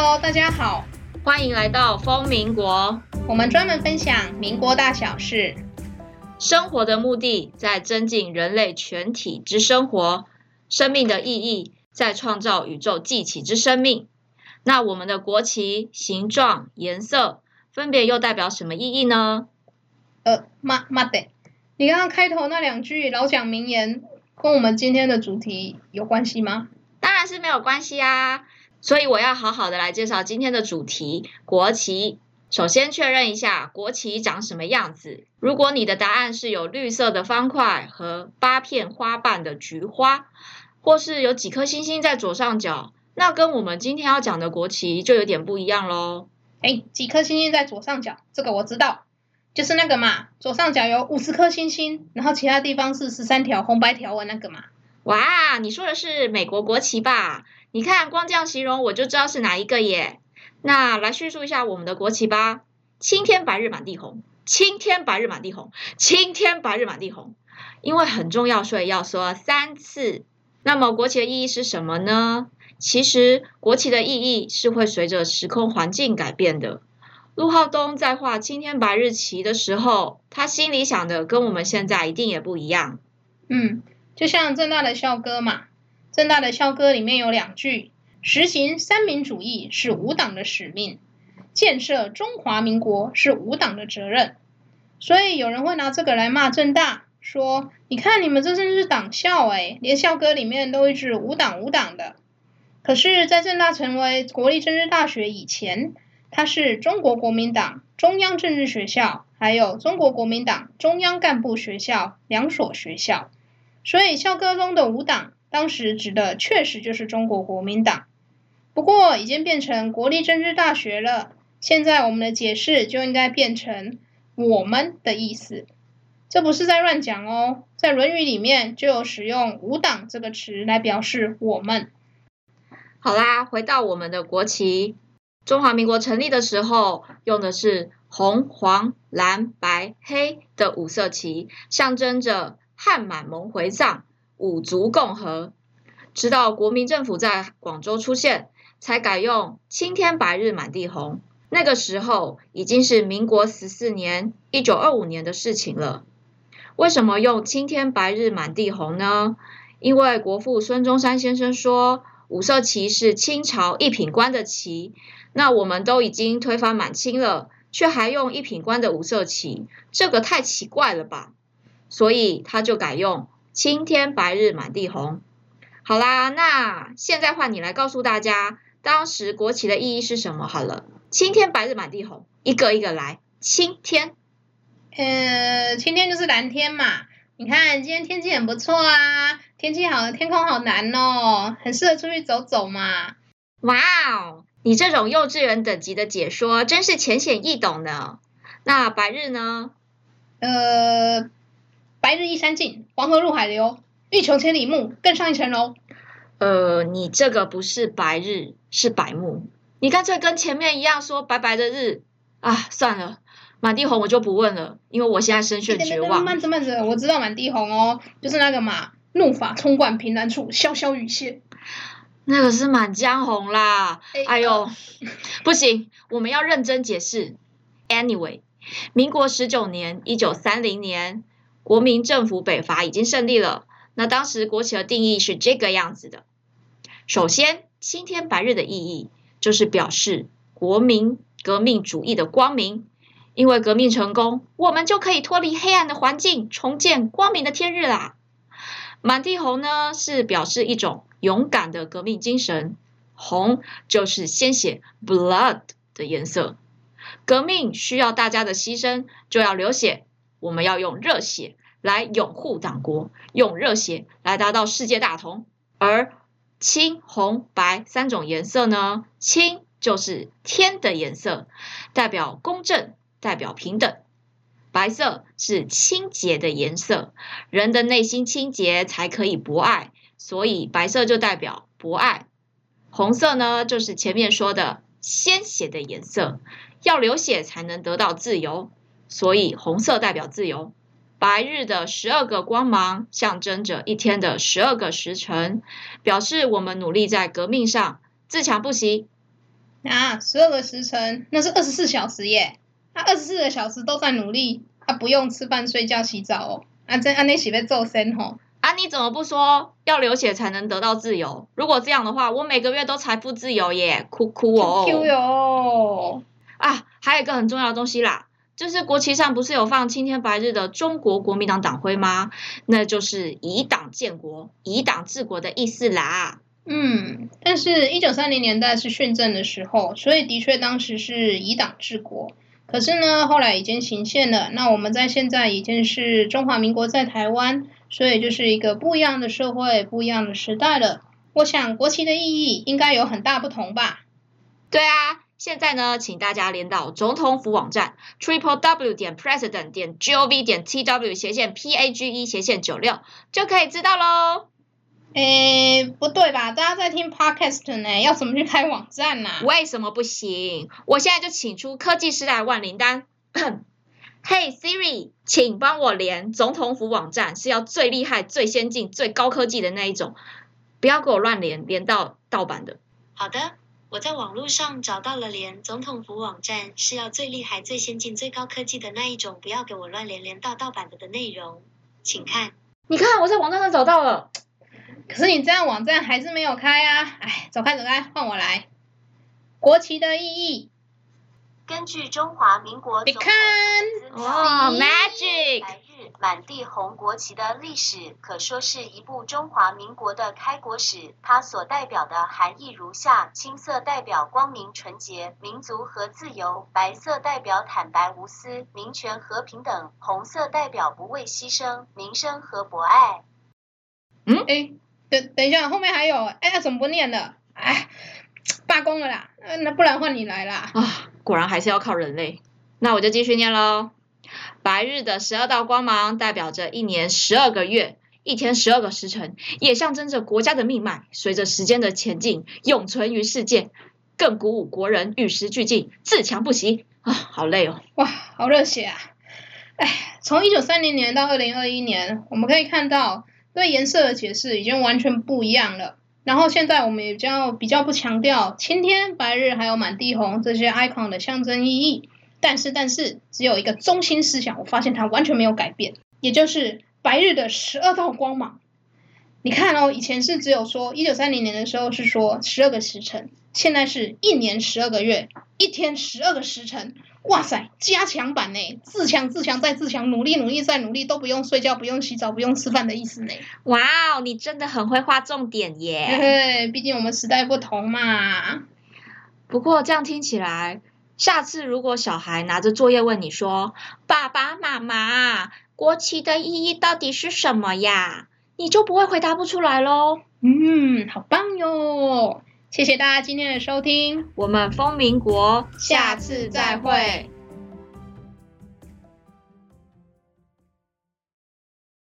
Hello，大家好，歡迎來到瘋民國。我們專門分享民國大小事。生活的目的在增進人類全體之生活，生命的意義在創造宇宙繼起之生命。那我們的國旗形狀、顏色分別又代表什麼意義呢？呃，媽媽的，你剛剛開頭那兩句老蔣名言，跟我們今天的主題有關係嗎？當然是沒有關係啊。所以我要好好的來介紹今天的主題——國旗。首先確認一下，國旗長什麼樣子？如果你的答案是有綠色的方塊和八片花瓣的菊花，或是有幾顆星星在左上角，那跟我們今天要講的國旗就有點不一樣嘍。誒，幾顆星星在左上角，這個我知道，就是那個嘛，左上角有五十顆星星，然後其他地方是十三條紅白條紋那個嘛。哇，你說的是美國國旗吧？你看，光這樣形容我就知道是哪一個耶。那來敘述一下我們的國旗吧：青天白日滿地紅，青天白日滿地紅，青天白日滿地紅。因為很重要，所以要說三次。那麼國旗的意義是什麼呢？其實國旗的意義是會隨着時空環境改變的。陸皓東在畫青天白日旗的時候，他心裡想的跟我們現在一定也不一樣。嗯，就像鄭大的校歌嘛。政大的校歌裡面有兩句：“實行三民主義是吾黨的使命，建設中華民國是吾黨的責任。”所以有人會拿這個來罵政大，說：“你看你們這真是黨校誒，連校歌裡面都一直‘吾黨吾黨’的。”可是，在政大成為國立政治大學以前，它是中國國民黨中央政治學校，還有中國國民黨中央幹部學校兩所學校，所以校歌中的“吾黨”。當時指的確實就是中國國民黨，不過已經變成國立政治大學了。現在我們的解釋就應該變成我們的意思，這不是在亂講哦。在《論語》裡面就有使用“吾黨”這個詞來表示我們。好啦，回到我們的國旗，中華民國成立的時候用的是紅、黃、藍、白、黑的五色旗，象徵着漢、滿、蒙、回、藏。五族共和，直到國民政府在廣州出現，才改用“青天白日滿地紅”。那個時候已經是民國十四年（一九二五年）的事情了。為什麼用“青天白日滿地紅”呢？因為國父孫中山先生說，五色旗是清朝一品官的旗。那我們都已經推翻滿清了，卻還用一品官的五色旗，這個太奇怪了吧？所以他就改用。青天白日滿地紅。好啦，那現在換你來告訴大家，當時國旗的意義是什麼？好了，青天白日滿地紅，一個一個來。青天，呃，青天就是藍天嘛，你看今天天氣很不錯啊，天氣好，天空好藍哦，很適合出去走走嘛。哇哦，你這種幼稚園等級的解說，真是淺顯易懂呢。那白日呢？呃。白日依山盡，黃河入海流。欲窮千里目，更上一層樓，哦。呃，你這個不是白日，是白目。你乾脆跟前面一樣說白白的日啊，算了。滿地紅我就不問了，因為我現在深陷絕望。欸欸欸欸欸欸，慢着慢着，我知道滿地紅哦，就是那個嘛。怒髮衝冠，憑欄處，瀟瀟雨歇。那個是《滿江紅》啦。哎呦，不行，我們要認真解釋。Anyway，民國十九年，一九三零年。國民政府北伐已經勝利了。那當時國旗的定義是這個樣子的：首先，青天白日的意義就是表示國民革命主義的光明，因為革命成功，我們就可以脫離黑暗的環境，重見光明的天日啦。滿地紅呢，是表示一種勇敢的革命精神，紅就是鮮血 （blood） 的顏色。革命需要大家的犧牲，就要流血，我們要用熱血。來擁護黨國，用熱血來達到世界大同。而青紅白三種顏色呢？青就是天的顏色，代表公正，代表平等；白色是清潔的顏色，人的內心清潔才可以博愛，所以白色就代表博愛。紅色呢，就是前面說的鮮血的顏色，要流血才能得到自由，所以紅色代表自由。白日的十二個光芒，象徵着一天的十二個時辰，表示我們努力在革命上自強不息。啊，十二個時辰，那是二十四小時耶！啊，二十四個小時都在努力，啊，不用吃飯、睡覺、洗澡哦。啊，真這啊、哦，你是要造神吼？啊，你怎麼不說要流血才能得到自由？如果這樣的話，我每個月都財富自由耶！酷酷哦！Q 喲！哦、啊，還有一個很重要的東西啦。就是國旗上不是有放青天白日的中國國民黨黨徽嗎？那就是以黨建國、以黨治國的意思啦。嗯，但是一九三零年代是訓政的時候，所以的確當時是以黨治國。可是呢，後來已經行憲了。那我們在現在已經是中華民國在臺灣，所以就是一個不一樣的社會、不一樣的時代了。我想國旗的意義應該有很大不同吧？對啊。現在呢，請大家連到總統府網站 triple w 點 president 點 gov 點 tw 斜線 page 斜線九六就可以知道嘍。誒、欸，不對吧？大家在聽 podcast 呢，要怎麼去開網站吶、啊？為什麼不行？我現在就請出科技時代萬靈丹。嘿、 hey、Siri，請幫我連總統府網站，是要最厲害、最先進、最高科技的那一種，不要給我亂連，連到盜版的。好的。我在網絡上找到了連總統府網站，是要最厲害、最先進、最高科技的那一種，不要給我亂連，連到盜版的的內容，請看。你看我在網站上找到了，可是你這樣網站還是沒有開啊！哎，走開走開，換我來。國旗的意義。根據中華民國總看。哦，magic。哦 Mag 滿地紅國旗的歷史可說是一部中華民國的開國史。它所代表的含義如下：青色代表光明、純潔、民族和自由；白色代表坦白、無私、民權和平等；紅色代表不畏犧牲、民生和博愛。嗯？哎，等等一下，後面還有，哎呀，怎麼不念了？哎，罷工了啦！那不然換你來啦。啊，果然還是要靠人類。那我就繼續念嘍。白日的十二道光芒代表着一年十二個月，一天十二個時辰，也象徵着國家的命脈。隨着時間的前進，永存於世界，更鼓舞國人與時俱進，自強不息。啊、哦，好累哦！哇，好熱血啊！哎，從一九三零年到二零二一年，我們可以看到對顏色的解釋已經完全不一樣了。然後現在我們也將比,比較不強調青天、白日還有滿地紅這些 icon 的象徵意義。但是但是，只有一個中心思想，我發現它完全沒有改變，也就是白日的十二道光芒。你看哦，以前是只有說一九三零年的時候是說十二個時辰，現在是一年十二個月，一天十二個時辰。哇塞，加強版呢！自強自強再自強，努力努力再努力，都不用睡覺，不用洗澡，不用吃飯的意思呢？哇哦，你真的很會畫重點耶！對，畢竟我們時代不同嘛。不過這樣聽起來。下次如果小孩拿着作業問你說：“爸爸媽媽，國旗的意義到底是什麼呀？”你就不會回答不出來咯。嗯，好棒喲！謝謝大家今天的收聽，我們瘋民國，下次再會。